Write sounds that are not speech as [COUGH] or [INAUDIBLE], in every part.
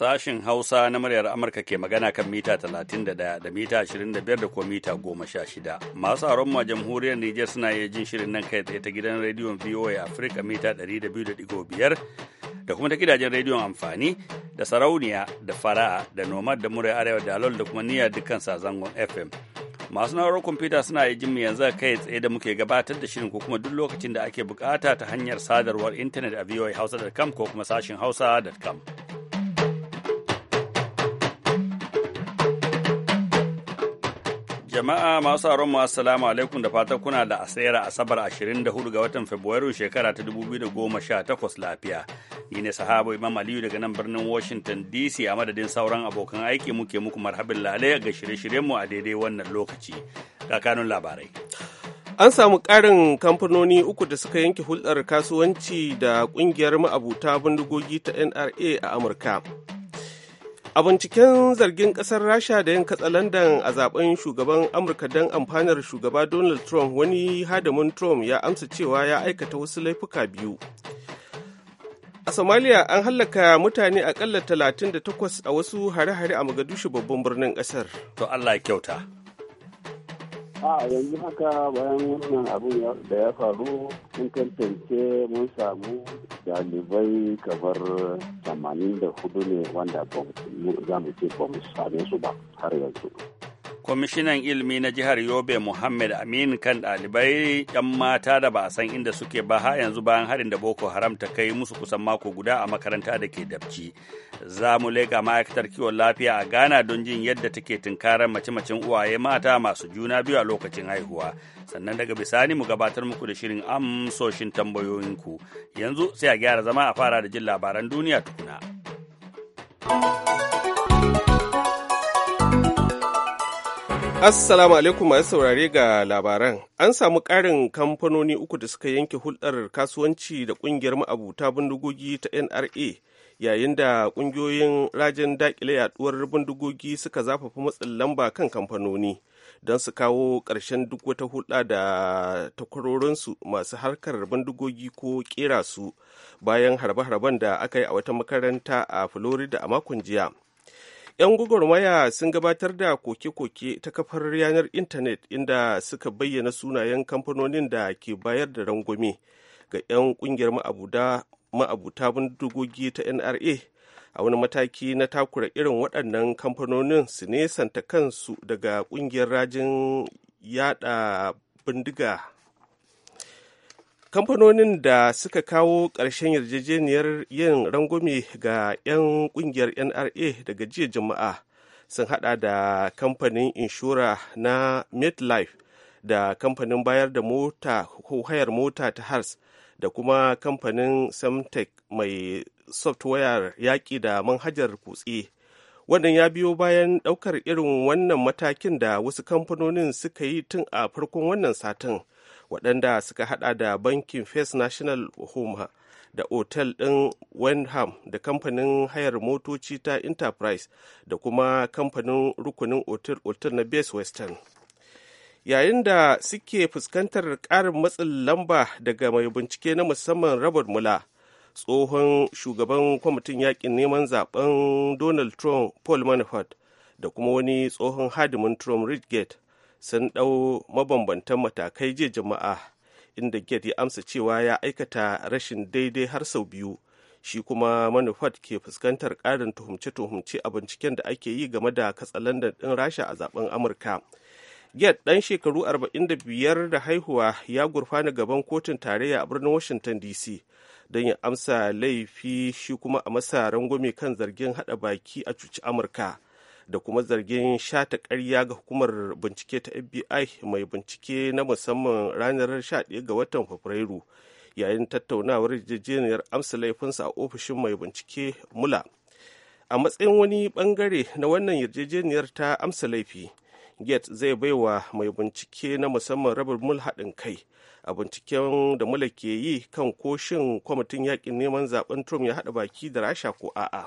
Sashin Hausa na muryar Amurka ke magana kan mita 31 da mita 25 da kuma mita 16. Masu a Roma jamhuriyar Nijar suna iya jin shirin nan kai tsaye ta gidan rediyon VOA Africa mita 200.5 da kuma ta gidajen rediyon amfani da sarauniya da fara'a da nomad da muryar arewa da alol da kuma niyyar dukkan sazangon FM. masu na'urar kwamfuta suna yi jin yanzu kai tsaye da muke gabatar da shirin ko kuma duk lokacin da ake bukata ta hanyar sadarwar intanet a voahausa.com ko kuma sashin hausa.com. jama'a masu sauraron mu assalamu alaikum da fatan kuna da asayar asabar 24 ga watan Fabrairu shekara ta 2018 lafiya. Ni ne sahabo Imam Aliyu daga nan birnin Washington DC a madadin sauran abokan aiki muke muku marhabin lalai ga shirye-shiryen mu a daidai wannan lokaci. Kakanun labarai. An samu ƙarin kamfanoni uku da suka yanke hulɗar kasuwanci da ƙungiyar ma'abuta bindigogi ta NRA a Amurka. a binciken zargin ƙasar rasha da yin katsalandan a zaben shugaban amurka don amfanar shugaba donald trump wani hadamin trump ya amsa cewa ya aikata wasu laifuka biyu a somalia an hallaka mutane akalla 38 a wasu hare-hare a Magadushi babban birnin ƙasar. to allah kyauta a yanzu haka bayan wannan abin da ya faru sun tantance mun samu dalibai kamar 84 ne wanda za mu ce ba mu same su ba har yanzu kwamishinan ilimi na jihar yobe muhammad amin kan ɗalibai 'yan mata da ba a san inda suke ba har yanzu bayan harin da boko haram ta kai musu kusan mako guda a makaranta da ke dabci za mu lega ma'aikatar kiwon lafiya a ghana don jin yadda take tunkarar mace-macen uwaye mata masu juna biyu a lokacin haihuwa sannan daga bisani mu gabatar muku da shirin amsoshin tambayoyinku yanzu sai a gyara zama a fara da jin labaran duniya tukuna. Assalamu alaikum masu saurare ga labaran. An samu ƙarin kamfanoni uku da suka yanke hulɗar kasuwanci da ƙungiyar ma'abuta bindigogi ta NRA yayin da ƙungiyoyin rajin daƙile yaɗuwar bindigogi suka zafafa matsin lamba kan kamfanoni don su kawo ƙarshen duk wata hulɗa da takwarorinsu masu harkar bindigogi ko ƙera su bayan harbe-harben da aka yi a wata makaranta a Florida a makon jiya. 'Yan gwagwarmaya sun gabatar da koke-koke ta kafar yanar intanet inda suka bayyana sunayen kamfanonin da ke bayar da rangwame ga 'yan kungiyar ma'abuta bindigogi ta NRA a wani mataki na takura irin waɗannan kamfanonin su nesanta kansu daga kungiyar rajin yada bindiga kamfanonin da suka kawo ƙarshen yarjejeniyar yin rangwame ga 'yan ƙungiyar nra daga jiya jama'a sun hada da kamfanin inshora na midlife da kamfanin bayar da mota ko hayar mota ta hars da kuma kamfanin semtech mai software yaƙi da manhajar kutse wannan ya biyo bayan ɗaukar irin wannan matakin da wasu kamfanonin suka yi tun a farkon wannan satin. waɗanda suka hada da bankin first national home da otel ɗin wenham da kamfanin hayar motoci ta enterprise da kuma kamfanin rukunin otel-otel na base western yayin da suke fuskantar ƙarin matsin lamba daga mai bincike na musamman robert mula tsohon shugaban kwamitin yakin neman zaben donald trump paul manafort da kuma wani tsohon hadimin trump ridgate sun ɗau mabambantan matakai jiya jama'a inda gate ya amsa cewa ya aikata rashin daidai har sau biyu shi kuma manufat ke fuskantar ƙarin tuhumce-tuhumce a binciken da ake yi game da katsalandan ɗin rasha a zaben amurka get ɗan shekaru 45 da haihuwa ya gurfana gaban kotun tarayya a birnin washington dc don ya amsa laifi shi kuma a masa rangwame kan zargin haɗa baki a cuci amurka da kuma zargin shata karya ga hukumar bincike ta FBI mai bincike na musamman ranar 11 ga watan Fabrairu yayin tattaunawar yarjejeniyar amsa laifinsa a ofishin mai bincike Mula. A matsayin wani bangare na wannan yarjejeniyar ta amsa laifi, gate zai baiwa mai bincike na musamman rabar mul haɗin kai a binciken da mula ke yi kan koshin kwamitin yaƙin neman zaben Trump ya haɗa baki da rasha ko a'a.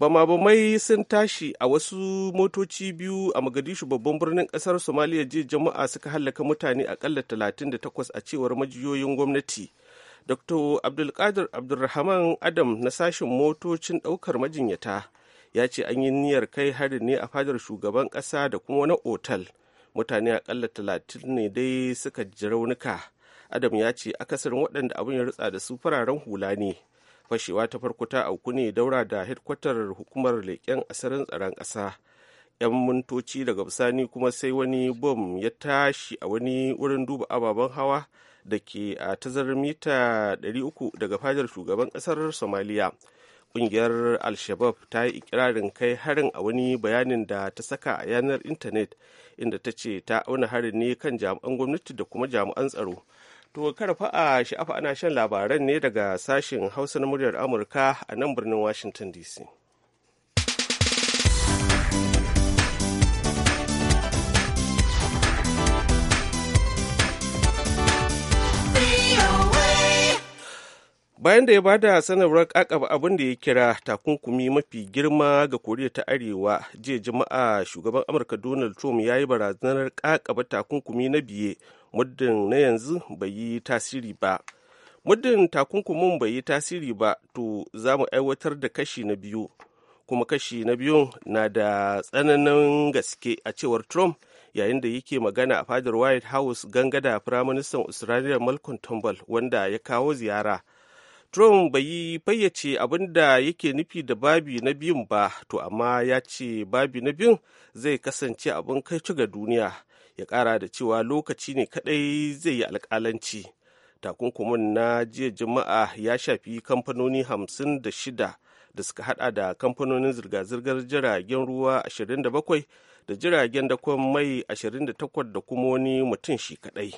bamabamai sun tashi a wasu motoci biyu a Magadishu, babban birnin kasar Somaliya jiya jama'a suka hallaka mutane akalla takwas a cewar majiyoyin gwamnati. Dr. Abdulkadir Abdulrahman Adam na sashen motocin ɗaukar majinyata ya ce an yi niyyar kai harin ne a fadar shugaban ƙasa da kuma wani otal. Mutane akalla 30 ne dai suka ji raunuka. Adam ya ce akasarin waɗanda abin ya rutsa da su fararen hula ne. fashewa ta farko ta auku ne daura da hedkwatar hukumar leƙen asirin tsaron ƙasa 'yan mintoci daga bisani kuma sai wani bom ya tashi a wani wurin duba ababen hawa da ke a tazarar mita 300 daga fadar shugaban ƙasar somaliya ƙungiyar al-shabab ta yi ikirarin kai harin a wani bayanin da ta saka a yanar intanet inda ta ce ta auna harin ne kan jami'an gwamnati da kuma jami'an tsaro To karfa a sha'afa ana shan labaran ne daga sashen Hausa na muryar Amurka a nan birnin Washington DC. bayan da ya ba bada sanarwar kakaba abin da ya kira takunkumi mafi girma ga koriya ta arewa jiya juma'a shugaban amurka donald trump ya yi barazanar kakaba takunkumi na biye muddin na yanzu bai yi tasiri ba muddin takunkumin bai yi tasiri ba to za mu aiwatar da kashi na biyu kuma kashi na biyu na da tsananin gaske a cewar trump yayin da yake magana a fadar white house gangada firaministan australia malcolm turnbull wanda ya kawo ziyara Trump bai yi fayyace abin da yake nufi da babi na biyun ba, to amma ya ce babi na biyun zai kasance abin kai ga duniya, ya ƙara da cewa lokaci ne kaɗai zai yi alƙalanci. Takunkumin na jiya Juma'a ya shafi kamfanoni hamsin da shida da suka haɗa da kamfanonin zirga-zirgar jiragen ruwa ashirin da bakwai da jiragen dakon mai ashirin da kuma wani mutum shi kaɗai.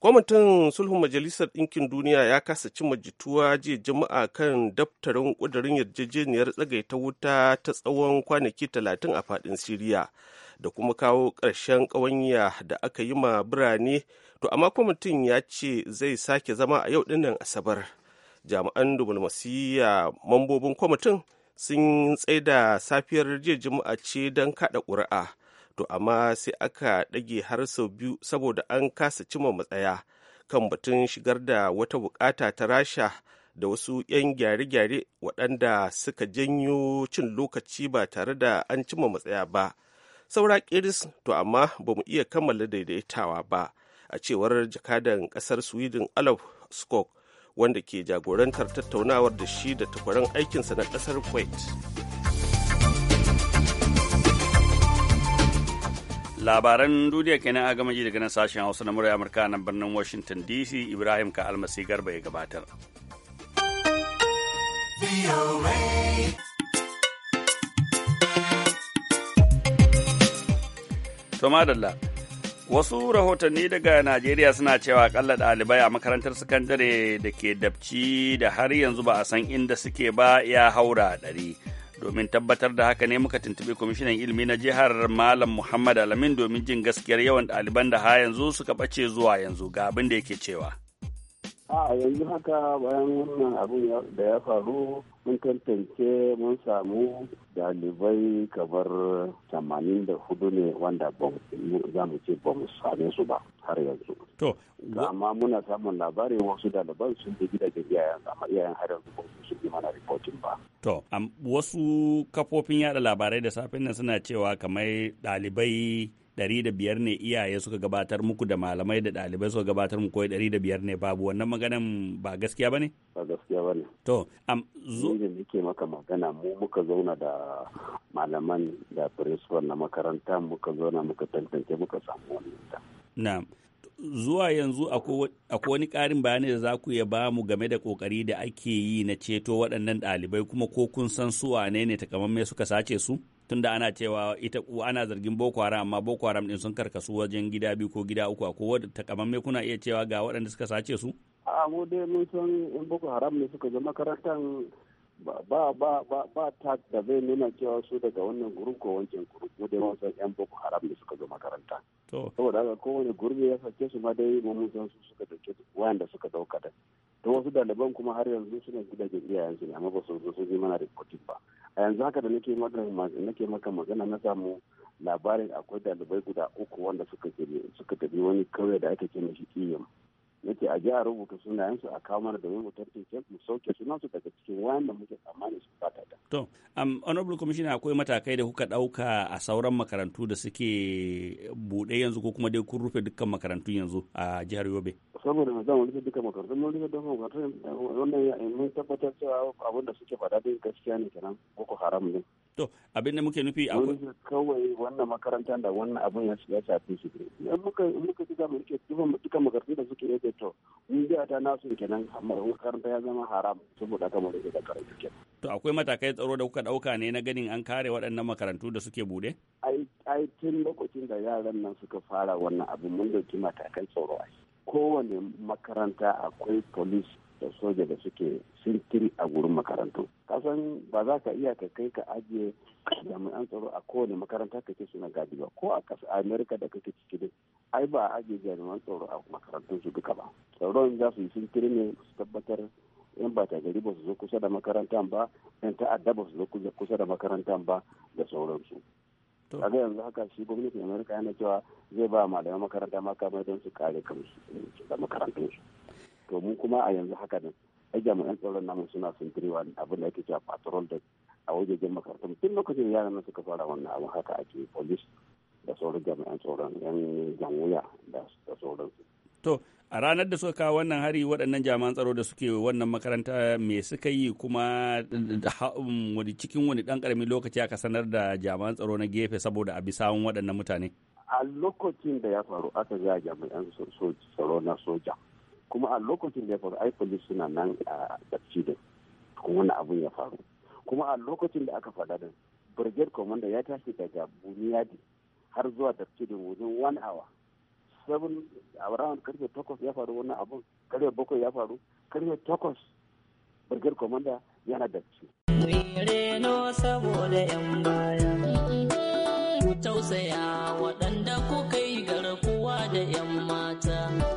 kwamitin sulhun majalisar ɗinkin duniya ya kasa cimma jituwa jiya jama'a kan daftarin ƙudurin yarjejeniyar tsagaita wuta ta tsawon kwanaki talatin a faɗin siriya da kuma kawo ƙarshen ƙawanya da aka yi ma birane to amma kwamitin ya ce zai sake zama a yau ɗinnan asabar jami'an diplomasiyya mambobin kwamitin sun tsaida safiyar jiya jama'a ce don kaɗa ƙuri'a to amma sai aka ɗage har sau biyu saboda an kasa cimma matsaya kan batun shigar da wata bukata ta rasha da wasu 'yan gyare-gyare waɗanda suka janyo cin lokaci ba tare da an cimma matsaya ba saura kiris to amma ba mu iya kammala daidaitawa ba a cewar jakadan ƙasar sweden alaf skog wanda ke jagorantar tattaunawar da shi da takwaran aikinsa na ƙasar kuwait labaran duniya kenan a gama ji daga nan sashen hausa na murai amurka nan birnin washington dc ibrahim ka almasi garba ya gabatar to wasu rahotanni daga najeriya suna cewa kalla ɗalibai a makarantar sakandare da ke dabci da har yanzu ba a san inda suke ba ya haura ɗari domin tabbatar da haka ne muka tuntuɓi kwamishinan ilimi na jihar malam muhammad alamin domin jin gaskiyar yawan ɗaliban da ha yanzu suka ɓace zuwa yanzu ga abin da yake cewa a yanzu haka bayan wannan abin da ya faru mun tantance mun samu dalibai kamar 84 ne wanda za mu ce ba mu same su ba har yanzu. To, amma muna samun labarin wasu daliban sun je gidajen iyayen amma iyayen har yanzu ba su yi mana ripotin ba. To, wasu kafofin yada labarai da safin nan suna cewa kamar dalibai dari da biyar ne iyaye suka gabatar muku da malamai da ɗalibai suka gabatar muku kawai ɗari da biyar ne babu wannan maganan ba gaskiya bane. Ba gaskiya bane To, am zo. ne nake maka magana mu muka zauna da malaman da principal na makaranta muka zauna muka tantance muka samu wannan. Na'am. zuwa yanzu akwai wani ƙarin bayanai da za ku iya ba mu game da ƙoƙari da ake yi na ceto waɗannan ɗalibai kuma ko kun san su wane ne suka sace su tunda ana cewa ita ana zargin boko haram amma boko haram din sun karkasu wajen gida biyu ko gida uku ko takamaimai kuna iya cewa ga waɗanda suka sace su a mu dai mun san in boko haram ne suka zo makarantar ba ba ba ba ta da zai nuna cewa su daga wannan gurin ko wancan gurin mu dai wasan yan boko haram da suka zo makaranta to saboda haka kowane gurbi ya sake su ma dai mun san su suka dauke wayanda suka dauka da to wasu daliban kuma har yanzu suna gidajen iyayen su ne amma ba su zo sun yi mana reporting ba a yanzu haka da nake maka nake maka magana na samu labarin akwai dalibai guda uku wanda suka tafi wani kauye da ake kira shi Iyam yake a ji a rubuta sunayensu a kamar domin mu tantance mu sauke sunansu daga cikin wayan da muke tsammani su fata da. To, um, honorable commissioner akwai matakai da kuka ɗauka a sauran makarantu da suke buɗe yanzu ko kuma dai kun rufe dukkan makarantu yanzu a jihar Yobe. Saboda mu zan rufe dukkan makarantu mun rufe dukkan makarantu wannan mun tabbatar cewa abin da suke faɗa da gaskiya ne kenan ko haram ne. to abin da muke nufi akwai kawai wannan makarantar da wannan abin ya shafi su ne in muka muka ci gaba rike duka makarantu da suke yake to mun biya ta nasu kenan makaranta ya zama haram saboda kamar da da karatu kenan to akwai matakai tsaro da kuka dauka ne na ganin an kare waɗannan makarantu da suke bude ai ai tun lokacin da yaran nan suka fara wannan abin mun dauki matakan tsaro ai kowane makaranta akwai police da soja da suke sirkiri a gurin makarantu kasan ba za ka iya ka kai ka ajiye jami'an tsaro a kowane makaranta kake suna gadi ba ko a kasa amerika da kake ciki ne ai ba a ajiye jami'an tsaro a makarantun su duka ba tsaron za su yi sirkiri ne su tabbatar yan ba gari ba su zo kusa da makarantan ba yan ta'adda ba su zo kusa da makarantan ba da sauransu kaga yanzu haka shi gwamnatin amerika yana cewa zai ba malaman makaranta makamai don su kare kansu da makarantunsu to mu kuma a yanzu haka nan ai jami'an tsaron namu suna sintirewa abin da ake cewa patrol da a wajejen makarantun tun lokacin yaran nan suka fara wannan abin haka ake police da sauran jami'an tsaron yan janwuya da sauransu. to a ranar da suka kawo wannan hari waɗannan jami'an tsaro da suke wannan makaranta me suka yi kuma um, wani cikin wani ɗan ƙaramin lokaci aka sanar da jami'an tsaro na gefe saboda a bisawun waɗannan mutane a lokacin da ya faru aka ga jami'an tsaro na soja kuma a lokacin da ya faru ai police suna nan a da kuma wani abun ya faru kuma a lokacin da aka faɗa din brigade commander ya tashi daga buniyadi har zuwa da wajen one hour seven a ranar karfe takwas ya faru wannan abun karfe bakwai ya faru karfe takwas brigade commander yana dabci. reno saboda 'yan baya ku tausaya waɗanda kuka yi garkuwa da 'yan mata.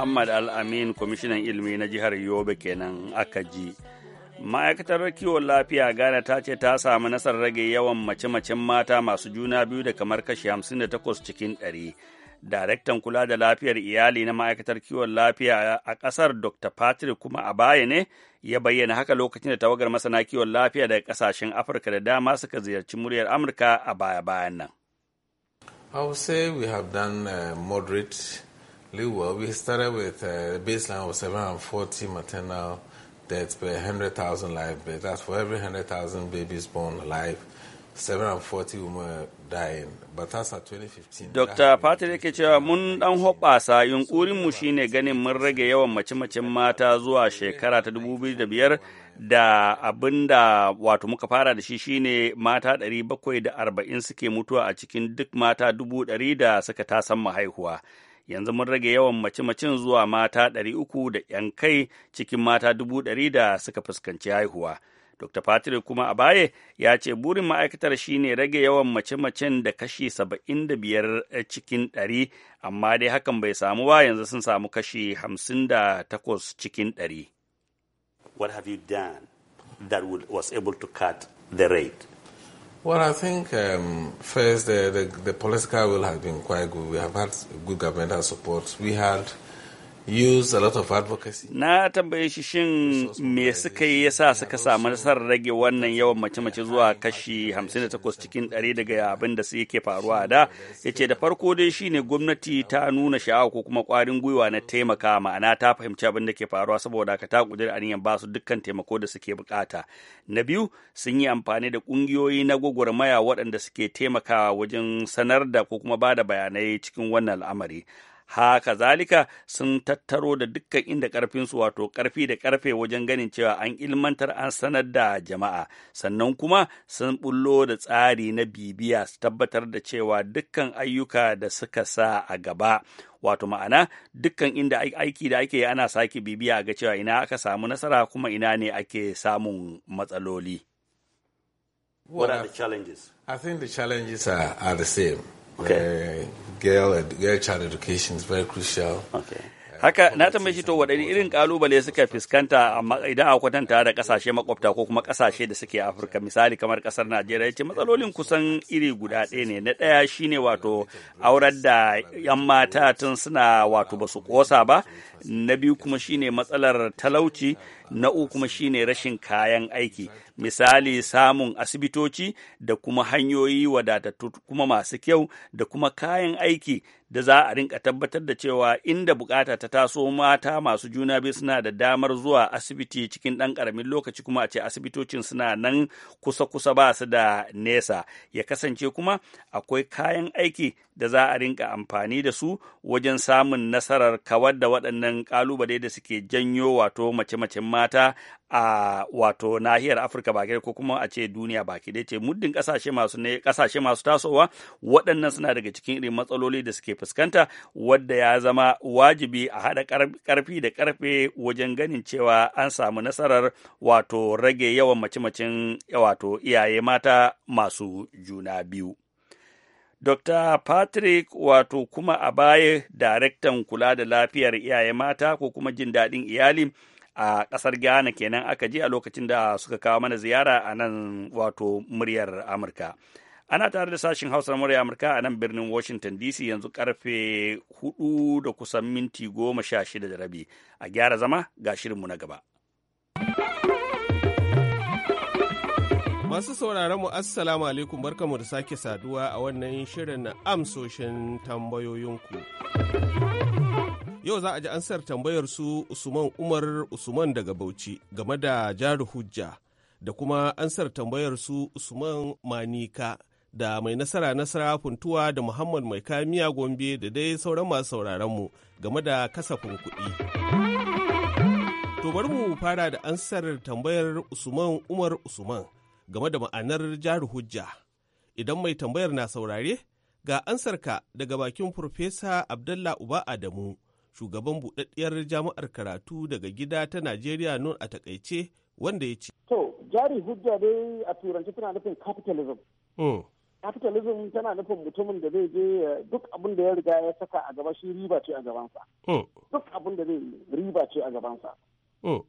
muhammad al-amin kwamishinan ilimi na jihar yobe kenan aka ji ma'aikatar kiwon lafiya ghana ta ce ta samu nasarar rage yawan mace-macen mata masu juna biyu da kamar kashi 58 cikin 100 daraktan kula da lafiyar iyali na ma'aikatar kiwon lafiya a ƙasar dr patrick kuma a baya ne ya bayyana haka lokacin da tawagar masana kiwon lafiya daga ƙasashen afirka da dama suka ziyarci muryar amurka a baya-bayan nan I would say we have done uh, moderate Leeward, we started with a uh, baseline of 740 maternal deaths per 100,000 live births. That's for every 100,000 babies born alive. 740 women dying. But that's at 2015... Dr. Patrick ke cewa mun dan hoɓasa yunkurinmu shine ganin mun rage yawan mace-macen mata zuwa shekara ta 2005 da abin da wato muka fara da shi shine mata 740 suke mutuwa a cikin duk mata 100 da suka tasan mahaihuwa. haihuwa. yanzu mun rage yawan mace-macen zuwa mata ɗari uku da 'yan kai cikin mata dubu ɗari da suka fuskanci haihuwa. Dr. Patrick kuma a baya ya ce burin ma'aikatar shine rage yawan mace-macen da kashi 75 eh, cikin 100 amma dai hakan bai samu ba yanzu sun samu kashi 58 cikin 100. What have you done that was able to cut the rate? Well, I think um, first the, the, the political will has been quite good. We have had good governmental support. We had use a lot of advocacy. Na tambaye shi shin me suka yi yasa suka samu nasarar rage wannan yawan mace-mace zuwa kashi 58 cikin 100 daga abin da su yake faruwa da yace da farko dai shi ne gwamnati ta nuna sha'awa ko kuma kwarin gwiwa na taimaka ma'ana ta fahimci abin da ke faruwa saboda ka ta kudir aniyan ba su dukkan taimako da suke bukata. Na biyu sun yi amfani da kungiyoyi na gwagwarmaya waɗanda suke taimakawa wajen sanar da ko kuma ba da bayanai cikin wannan al'amari. haka zalika sun tattaro da dukkan inda ƙarfinsu wato ƙarfi da karfe wajen ganin cewa an ilmantar an sanar da jama'a sannan kuma sun bullo da tsari na bibiya su tabbatar da cewa dukkan ayyuka da suka sa a gaba wato ma'ana dukkan inda aiki da ake ana sake bibiya ga cewa ina aka samu nasara kuma ina ne ake samun matsaloli What are the challenges? I think the challenges are, are the same. Okay. Uh, girl, girl child education is very crucial. Okay. haka uh, na tambaye shi to waɗanne irin kalubale suka fuskanta idan a kwatanta da kasashe makwabta ko kuma kasashe da suke afirka misali kamar kasar najeriya ya ce matsalolin kusan iri guda ɗaya ne na ɗaya shine wato aurar da yan mata tun suna wato ba su ƙosa ba na biyu kuma shine matsalar talauci na uku kuma shine rashin kayan aiki misali samun asibitoci da kuma hanyoyi wadatattu kuma masu kyau da kuma kayan aiki da za a rinka tabbatar da cewa inda bukata ta taso mata masu juna biyu suna da damar zuwa asibiti cikin ɗan ƙaramin lokaci kuma a ce asibitocin suna nan kusa-kusa ba su da nesa ya kasance kuma akwai kayan aiki da za a rinka amfani da su wajen samun nasarar kawar da waɗannan ƙalubale da suke janyo wato mace-macen mata a wato nahiyar afirka ba ko kuma a ce duniya baki ke ce muddin ƙasashe masu ne ƙasashe masu tasowa waɗannan suna daga cikin irin matsaloli da suke fuskanta wadda ya zama wajibi a haɗa ƙarfi da ƙarfe wajen ganin cewa an samu nasarar wato rage yawan mace-macen wato iyaye mata masu juna biyu Dr. Patrick wato kuma a baya daraktan kula da lafiyar iyaye mata ko kuma jin daɗin iyali a ƙasar Ghana kenan aka je a lokacin da suka kawo mana ziyara a nan wato muryar Amurka. Ana tare da sashin Hausa murya Amurka a nan birnin Washington DC yanzu karfe hudu da kusan minti goma sha shida da rabi. A gyara zama ga shirinmu na gaba. Masu sauraron mu assalamu alaikum barkamu da sake saduwa a wannan shirin amsoshin tambayoyinku. Yau za a ji ansar tambayar su Usman Umar Usman daga Bauchi game da jari hujja da kuma ansar tambayar su Usman Manika da mai nasara nasara funtuwa da Muhammad mai kamiya Gombe da dai sauran masu sauraron mu game da kasafin kuɗi. To bari mu fara da ansar tambayar Usman Umar Usman game da ma'anar jari hujja. Idan mai tambayar na saurare, ga ansarka daga bakin Farfesa Abdallah Uba Adamu, shugaban buɗaɗɗiyar jami'ar karatu daga gida ta Najeriya nun a takaice wanda ya ce. To, jari hujja dai a turanci tana nufin capitalism. Hmm. Capitalism tana nufin mutumin da zai je eh, duk abin da ya riga ya saka a gaba shi riba ce a gabansa. Hmm. Duk abin da zai riba ce a gabansa. Hmm.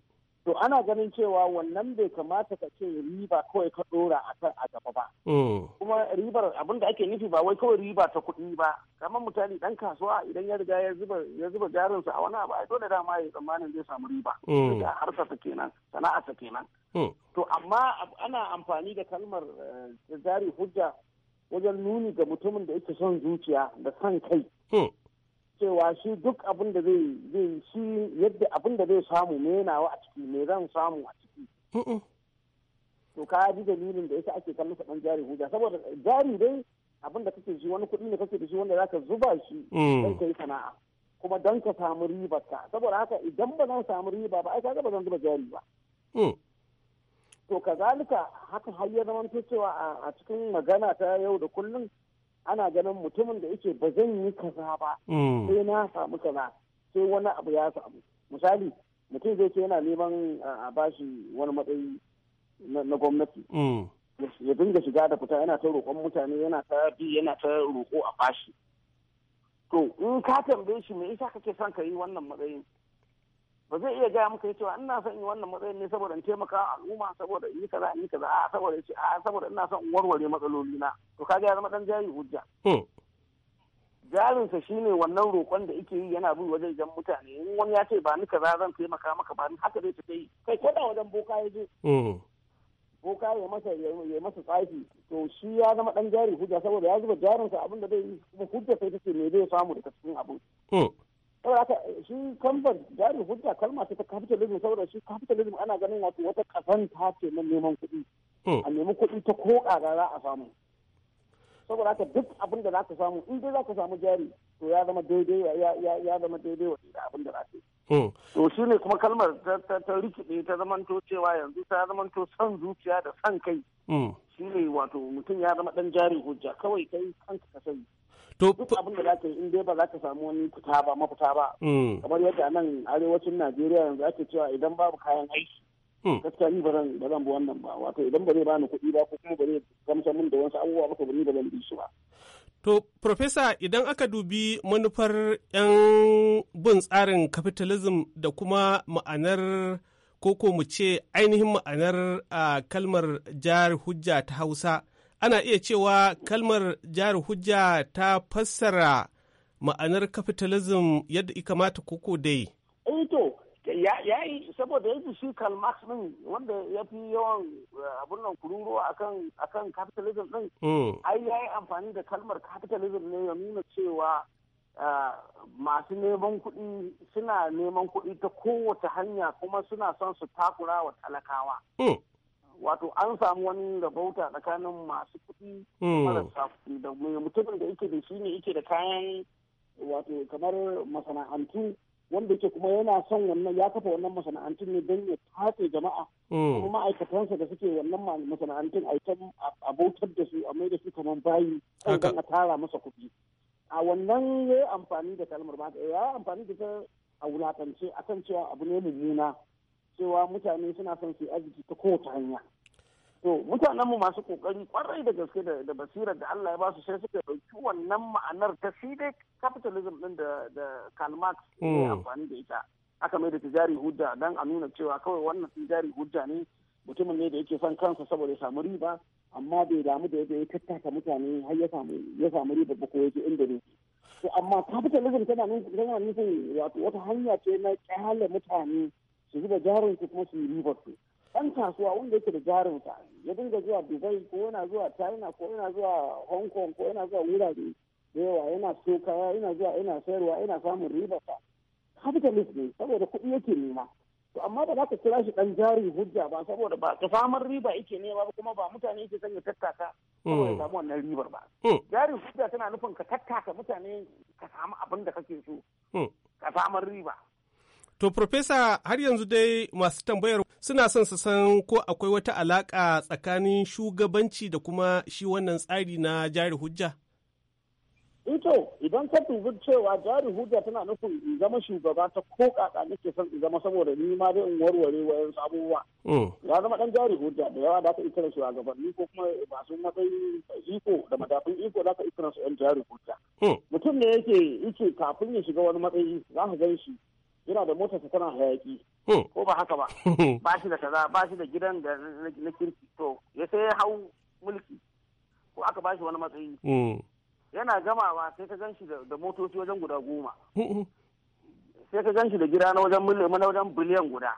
to ana ganin cewa wannan bai kamata ka ce riba kawai ka dora a kan a gaba ba oh. kuma ribar abin da ake nufi ba wai kawai riba ta kuɗi ba kamar mutane dan kasuwa idan ya riga ya zuba ya a wani abu a dole dama ya tsammanin zai samu riba oh. da harsa ta kenan sana'a ta kenan oh. to amma ana amfani da kalmar eh, jari hujja wajen nuni ga mutumin da yake son zuciya da son kai cewa shi duk abin da zai yi shi yadda abin da zai samu me a ciki me zan samu a ciki to ka ji dalilin da yake ake kallon dan jari huja saboda jari dai abin da kake shi wani kuɗi ne kake da shi wanda za ka zuba shi mm. don ka yi sana'a kuma don ka samu ribar ka saboda haka idan ba zan samu riba ba ai kaga ba zan zuba jari ba mm. to kazalika haka har ya zama cewa a cikin magana ta yau da kullum ana ganin mutumin da yake ba zan yi kaza ba mm. sai na samu kaza sai wani abu ya samu misali mutum zai ce yana neman a bashi wani matsayi na gwamnati mm. ya dinga shiga da fita yana ta roƙon mutane yana ta bi yana ta roƙo a bashi to in ka tambaye shi me yasa kake son ka yi wannan matsayin ba zai iya gaya maka cewa ina son yi wannan matsayin ne saboda in taimaka al'umma saboda in yi kaza in yi kaza a saboda ce a saboda ina son in warware matsaloli na to kaga ya zama dan jari hujja hmm. jarinsa shine wannan roƙon da yake yi yana bi wajen jan mutane in wani ya ce ba ni kaza zan taimaka maka ba ni haka zai ta yi kai kada wajen boka ya je hmm. boka ya masa ya masa tsafi to shi ya zama dan jari hujja saboda ya zuba jarinsa abinda zai yi kuma hujja sai ta ce me zai samu daga cikin abu saboda shi kamfan jari hujja kalma ta ta capitalism saboda shi capitalism ana ganin wato wata kazanta ce na neman kuɗi hmm. a nemi kuɗi ta ko za a samu saboda haka duk abin da za ka samu in dai za ka samu jari to ya zama daidai ya zama daidai wa da abin da za ka yi hmm. to shi ne kuma kalmar ta rikide ta zamanto cewa yanzu ta zamanto son zuciya da son kai hmm. shi ne wato mutum ya zama dan jari hujja kawai kai kanka ka sani To duk abin da zaka yi in dai ba za ka samu wani fita ba mafita ba. Mm. Kamar yadda nan arewacin Najeriya yanzu ake cewa idan babu kayan aiki. Mm. Gaskiya ni ba zan zan bi wannan ba wato idan ba zai bani kuɗi ba ko kuma ba zai gamsa min da wasu abubuwa ba ko ni ba zan bi su ba. To, Profesa, idan aka dubi manufar 'yan bin tsarin capitalism da kuma ma'anar koko mu ce ainihin ma'anar a ah, kalmar jihar hujja ta Hausa ana iya cewa kalmar jari hujja ta fassara ma'anar capitalism yadda ika mata koko dai. Eh to ya yi saboda yanzu shi Karl Marx wanda ya fi yawan eh, abin nan kururuwa akan akan capitalism din hmm. ai ya yi amfani da kalmar capitalism ne ya nuna cewa eh, masu neman kuɗi suna neman kuɗi ta kowace hanya kuma suna son su takura wa talakawa. Hmm. wato an samu wani rabauta tsakanin masu kuɗi hmm. marasa kuɗi da mutumin da yake da shi ne yake da kayan wato kamar masana'antu wanda yake kuma yana son wannan ya kafa wannan masana'antun ne don ya tace jama'a hmm. kuma ma'aikatansa da suke wannan masana'antun a bautar da su a mai da su kamar bayi don a tara masa kuɗi a wannan ya yi amfani da kalmar ba ya yi amfani da ta a wulatance akan cewa abu ne mummuna cewa mutane suna son su yi arziki ta kowace hanya to mutanenmu masu kokari kwarai da gaske da basirar da Allah ya ba su sai suka ɗauki wannan ma'anar ta shi dai capitalism ɗin da da Karl Marx ya hmm. amfani da ita aka mai da tijari hujja dan a nuna cewa kawai wannan tijari hujja ne mutumin ne da yake son kansa saboda ya samu riba amma bai damu da yadda ya tattaka mutane har ya samu riba ba ko yake inda ne to amma capitalism tana nufin wato wata hanya ce na kyale mutane su zuba jarin su kuma su yi ribar su ɗan kasuwa wanda yake da jarin sa ya dinga zuwa dubai ko yana zuwa china ko yana zuwa hong kong ko yana zuwa wurare da yawa yana so kaya yana zuwa yana sayarwa yana samun ribar sa capitalist ne saboda kuɗi yake nema to amma ba za ka kira shi ɗan jari hujja ba saboda ba ka samar riba yake nema ba kuma ba mutane yake sanya ya tattaka saboda hmm. samu wannan ribar ba hmm. jari hujja tana nufin ka tattaka mutane ka samu abin da kake so ka hmm. samar riba To, Profesa, har yanzu dai masu tambayar suna son su san ko akwai wata alaƙa tsakanin shugabanci da kuma shi wannan tsari na jari hujja? Ito, eh idan ka dubi cewa jari hujja tana nufin in zama shugaba ta ko kaka nake son in zama saboda ni ma dai in warware wayan abubuwa. Mm. Ya zama dan jari hujja da yawa da ka ikira gabanni ko kuma masu matsayi iko da matafin iko da ka ikira su yan jari hujja. Mm. Mutum ne yake yake kafin ya shiga wani matsayi za ka gan shi yana da motarsa tana hayaki oh. ko ba haka ba [LAUGHS] ba shi da kaza ba shi da gidan da na kirki to ya sai hau mulki ko aka ba shi wani matsayi mm. yana gamawa sai ka gan shi da motoci wajen guda goma sai ka gan shi da gida na wajen miliyan na wajen biliyan guda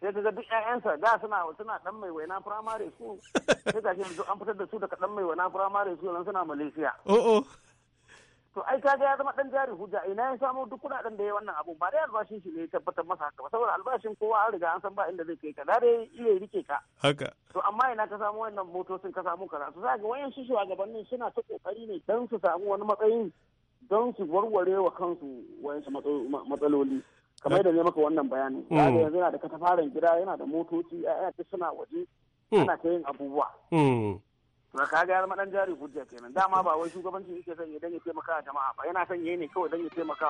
sai ka ga duk ƴaƴansa da suna suna dan mai waina primary school [LAUGHS] sai ka ce an fitar da su daga dan mai waina primary school suna Malaysia oh, oh. to ai ka ga ya zama dan jari hujja ina ya samu duk kudaden da ya wannan abu ba dai albashin shi ne ya tabbatar masa haka ba saboda albashin kowa an riga an san ba inda zai kai ka da dai iya rike ka haka to amma ina ka samu wannan motocin ka samu kaza to ga wayan shi shugabannin suna ta kokari ne dan su samu wani matsayin don su warware wa kansu su matsaloli kamar da ne maka wannan bayani hmm. kaga yanzu yana da katafaren gida yana da motoci ya'ya suna waje yana hmm. ta yin abubuwa hmm. to ka ga jari hujja kenan dama ba wai shugabanci yake son ya danye ya wa jama'a ba yana son yayi ne kawai dan ya taimaka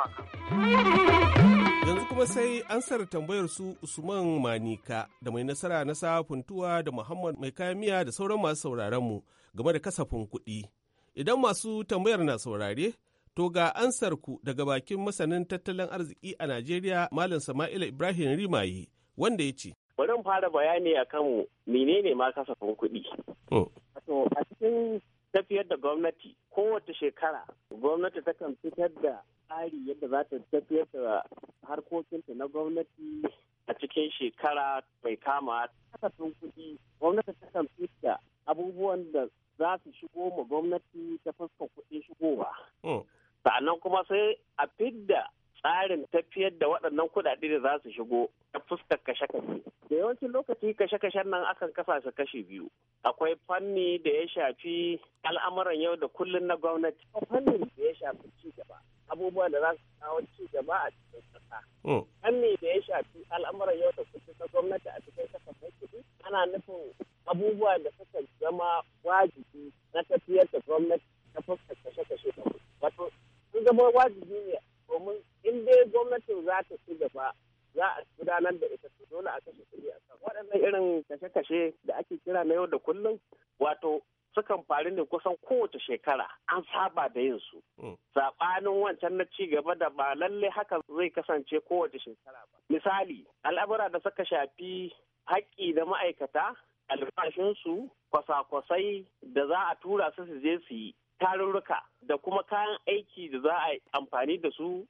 yanzu kuma sai ansar tambayar su Usman Manika da mai nasara na safuntuwa da Muhammad mai kayan miya da sauran masu sauraron mu game da kasafin kuɗi idan masu tambayar na saurare To ga ansar ku daga bakin masanin tattalin arziki a Najeriya Malam Sama'ila Ibrahim Rimayi wanda ya ce. Bari fara bayani akan menene ma kasafin kuɗi. Oh. Wato a cikin tafiyar da gwamnati kowace shekara gwamnati takan fitar da tsari yadda za ta tafiyar da harkokinta na gwamnati a cikin shekara mai kama kasafin kuɗi gwamnati takan fitar abubuwan da za su shigo ma gwamnati ta fuskar kuɗin shigowa. Hmm. Sa'annan kuma sai a fidda tsarin tafiyar da waɗannan kuɗaɗe da za su shigo ta fuskar kashe-kashe. Da yawancin lokaci kashe-kashen nan akan kasa su kashe biyu. Akwai fanni da ya shafi al'amuran yau da kullum na gwamnati. Fannin da ya shafi ci gaba. Abubuwan da za su kawo ci gaba a cikin ƙasa. Hmm. Fanni da ya shafi al'amuran yau da kullum na gwamnati a cikin kasafin kuɗi. Ana nufin abubuwa da suka zama wajibi na tafiyar da gwamnati ta fuskar kashe-kashe da Wato, sun zama wajibi ne domin in dai gwamnatin za ta ci gaba za a gudanar da ita su dole a kashe kuɗi a kan waɗannan irin kashe-kashe da ake kira na yau da kullum wato sukan faru ne kusan kowace shekara an saba da yin su hmm. saɓanin wancan na ci gaba da ba lalle haka zai kasance kowace shekara ba misali al'amura da suka shafi haƙƙi da ma'aikata albashinsu kwasa-kwasai da za a tura su su je su yi tarurruka da kuma kayan aiki da za a amfani da su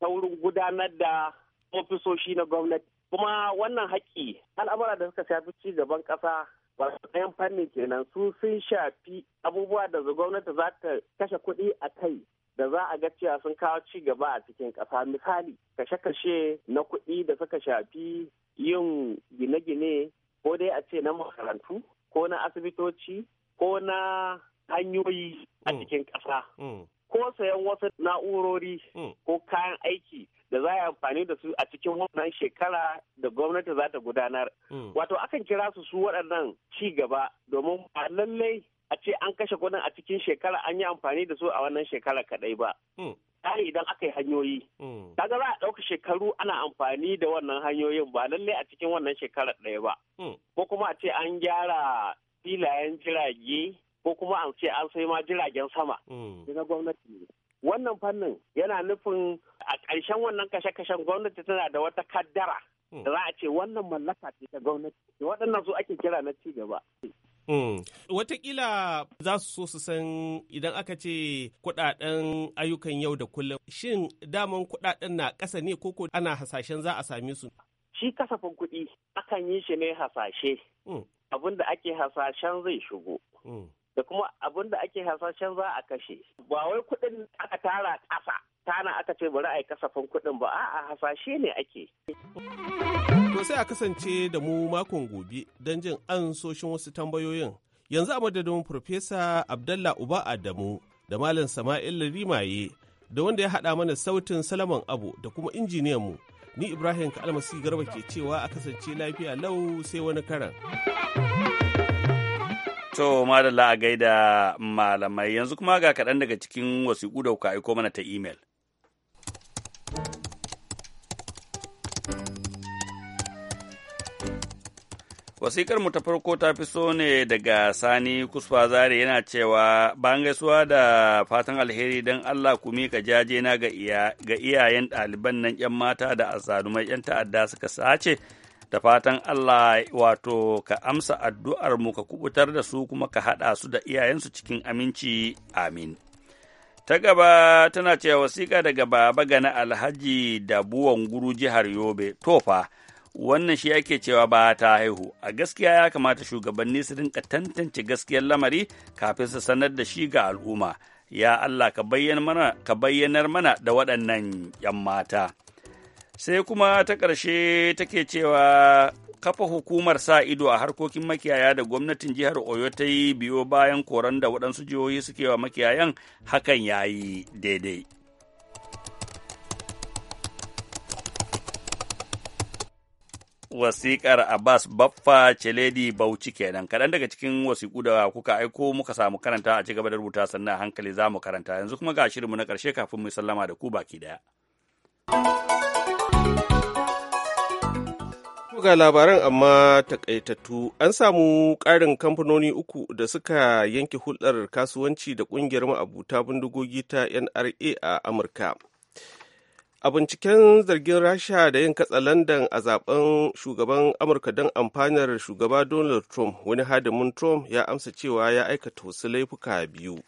ta wurin gudanar da ofisoshi na gwamnati kuma wannan haƙƙi al'amura da suka shafi ci gaban ƙasa ba ɗayan fanni kenan su sun shafi abubuwa da gwamnati za ta kashe kuɗi a kai da za a ga cewa sun kawo ci gaba a cikin ƙasa misali kashe-kashe na kuɗi da suka shafi yin gine-gine ko dai a ce na makarantu ko na asibitoci ko na hanyoyi a mm. cikin ƙasa. Mm. ko sayan wasu na'urori hmm. ko kayan aiki da za a yi amfani da su a cikin wannan shekara da gwamnati za ta gudanar. Hmm. Wato akan kira su su waɗannan ci gaba domin ba lallai a ce an kashe kuɗin a cikin shekara an yi amfani da su a wannan shekara kaɗai ba. Hmm. Tsari idan aka yi hanyoyi. Kaga za a ɗauka shekaru ana amfani da wannan hanyoyin ba lallai a cikin wannan shekara ɗaya ba. Ko kuma a ce an gyara filayen jirage ko kuma an ce an sai ma jiragen sama mm. na gwamnati ne wannan fannin yana nufin a ƙarshen wannan kashe-kashen gwamnati tana da wata kaddara mm. da za a ce wannan mallaka ce ta gwamnati waɗannan su ake kira na ci gaba Mm. Watakila za su so su san idan aka ce kuɗaɗen ayyukan yau da kullum shin daman kuɗaɗen na ƙasa ne koko ana hasashen za a same su? Shi kasafin kuɗi akan yi shi ne hasashe. Mm. Abin da ake hasashen zai shigo. da kuma abin da ake hasashen za a kashe ba wai kuɗin aka tara kasa tana aka ce bari a yi kasafin kuɗin ba a'a hasashe ne ake to sai a kasance da mu makon gobe don jin an soshin wasu tambayoyin yanzu a madadin Profesa Abdallah Uba Adamu da Malam Sama'il Rimaye da wanda ya haɗa mana sautin Salaman Abu da kuma injiniyan mu Ni Ibrahim Kalmasi Garba ke cewa a kasance lafiya lau sai wani karan. To, madalla a gaida malamai yanzu kuma ga kaɗan daga cikin wasiƙu da kuka aiko mana ta imel. wasikar mu ta farko ta fi so ne daga sani kusfa zare yana cewa bayan gaisuwa da fatan alheri don allah ku mika jaje na ga iyayen ɗaliban nan 'yan mata da azzalumai 'yan ta'adda suka sace da fatan Allah wato ka amsa addu'ar mu ka kubutar da su kuma ka haɗa su da iyayensu cikin aminci amin ta gaba tana cewa wasiƙa daga baba ga na alhaji da buwan guru jihar yobe tofa wannan shi yake cewa ba ta haihu a gaskiya ya kamata shugabanni su rinka tantance gaskiyar lamari kafin su sanar da shi ga al'umma ya Allah ka bayyanar mana da waɗannan 'yan mata sai kuma ta ƙarshe take cewa kafa hukumar sa ido a harkokin makiyaya da gwamnatin jihar oyo ta yi biyo bayan koran da waɗansu jihohi suke wa makiyayan hakan ya yi daidai wasiƙar abbas baffa celedi bauchi kenan kaɗan daga cikin wasiƙu da kuka aiko muka samu karanta a ci da rubuta sannan hankali za mu karanta yanzu kuma ga shirinmu na karshe kafin mu sallama da ku baki ɗaya. ga labaran amma takaitattu an samu ƙarin kamfanoni uku da suka yanke hulɗar kasuwanci da ƙungiyar ma'abuta bindigogi ta nra a amurka a binciken zargin rasha da yin katsa katsalandan a zaben shugaban amurka don amfanar shugaba donald trump wani hadimin trump ya amsa cewa ya aikata wasu laifuka biyu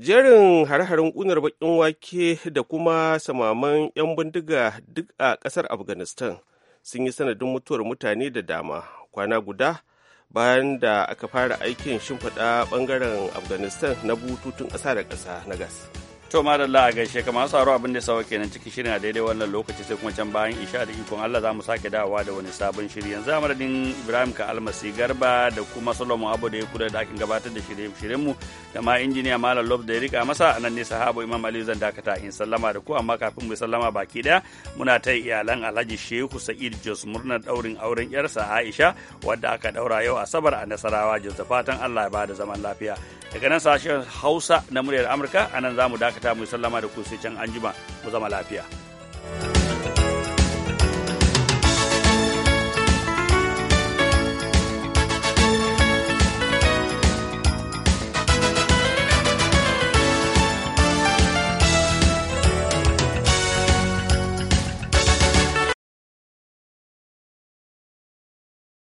jerin har-harin ƙunar baƙin wake da kuma samaman 'yan bindiga duk a ƙasar afghanistan sun yi sanadin mutuwar mutane da dama kwana guda bayan da aka fara aikin shimfiɗa ɓangaren afghanistan na bututun ƙasa da ƙasa na gas. to madalla a gaishe kamar tsaro abin da sawa kenan cikin shirin a daidai wannan lokaci sai kuma can bayan isha da ikon Allah za mu sake dawowa da wani sabon shiri yanzu madadin Ibrahim ka almasi garba da kuma Solomon Abu da ya kula da ake gabatar da shirye mu da ma injiniya Malam Lob da ya rika masa nan ne sahabo Imam Ali zan dakata in sallama da ku amma kafin mu sallama baki daya muna ta iyalan Alhaji Shehu Sa'id Jos murnar daurin auren yarsa Aisha wadda aka daura yau Asabar a Nasarawa Jos da fatan Allah ya bada zaman lafiya daga nan sashen hausa na muryar amurka a nan za mu dakata mu sallama da ku sai can anjima mu zama lafiya.